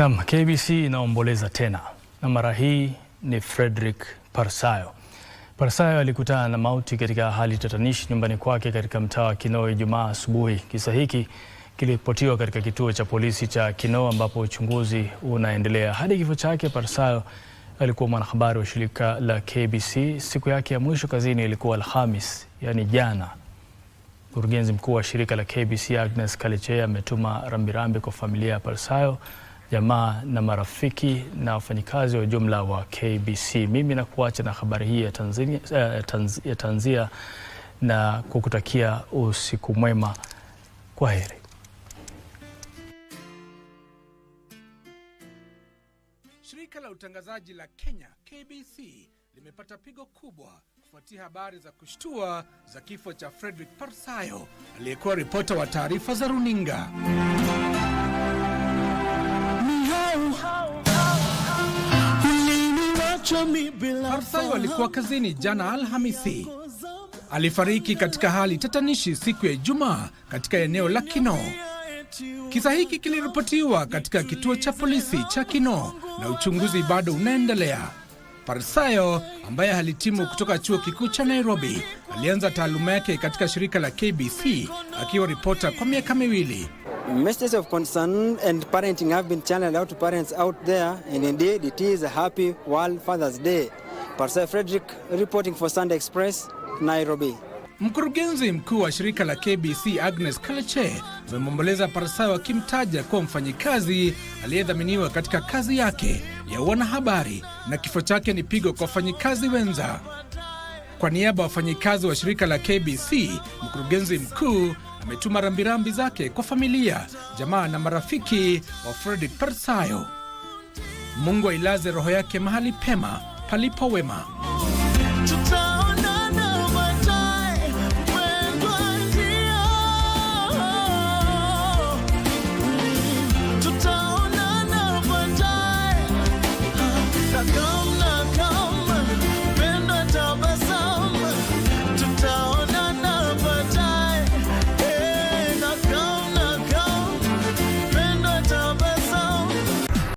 Naam, KBC inaomboleza tena na mara hii ni Frederick Parsayo. Parsayo alikutana na mauti katika hali tatanishi nyumbani kwake katika mtaa wa Kinoo Ijumaa asubuhi. Kisa hiki kiliripotiwa katika kituo cha polisi cha Kinoo ambapo uchunguzi unaendelea. Hadi kifo chake, Parsayo alikuwa mwanahabari wa shirika la KBC. Siku yake ya mwisho kazini ilikuwa Alhamis, yani jana. Mkurugenzi mkuu wa shirika la KBC Agnes Kalechea ametuma rambirambi kwa familia ya Parsayo jamaa na marafiki na wafanyikazi wa jumla wa KBC. Mimi nakuacha na habari hii ya Tanzania, eh, ya Tanzania, ya na kukutakia usiku mwema. Kwa heri. Shirika la utangazaji la Kenya KBC limepata pigo kubwa kufuatia habari za kushtua za kifo cha Frederick Parsayo aliyekuwa ripota wa taarifa za runinga. Karzai alikuwa kazini jana Alhamisi. Alifariki katika hali tatanishi siku ya Ijumaa katika eneo la kino Kisa hiki kiliripotiwa katika kituo cha polisi cha kino na uchunguzi bado unaendelea. Parsayo ambaye alitimu kutoka chuo kikuu cha Nairobi alianza taaluma yake katika shirika la KBC akiwa ripota kwa miaka miwili messages of concern and parenting have been channeled out to parents out there and indeed it is a happy World Father's Day. Parcel Frederick reporting for Sunday Express, Nairobi. Mkurugenzi mkuu wa shirika la KBC Agnes Kaleche amemwomboleza Parsao akimtaja kuwa mfanyikazi aliyedhaminiwa katika kazi yake ya wanahabari na kifo chake ni pigo kwa wafanyikazi wenza. Kwa niaba ya wafanyikazi wa shirika la KBC, mkurugenzi mkuu ametuma rambirambi zake kwa familia, jamaa na marafiki wa Fredrick Persayo. Mungu ailaze roho yake mahali pema palipo wema.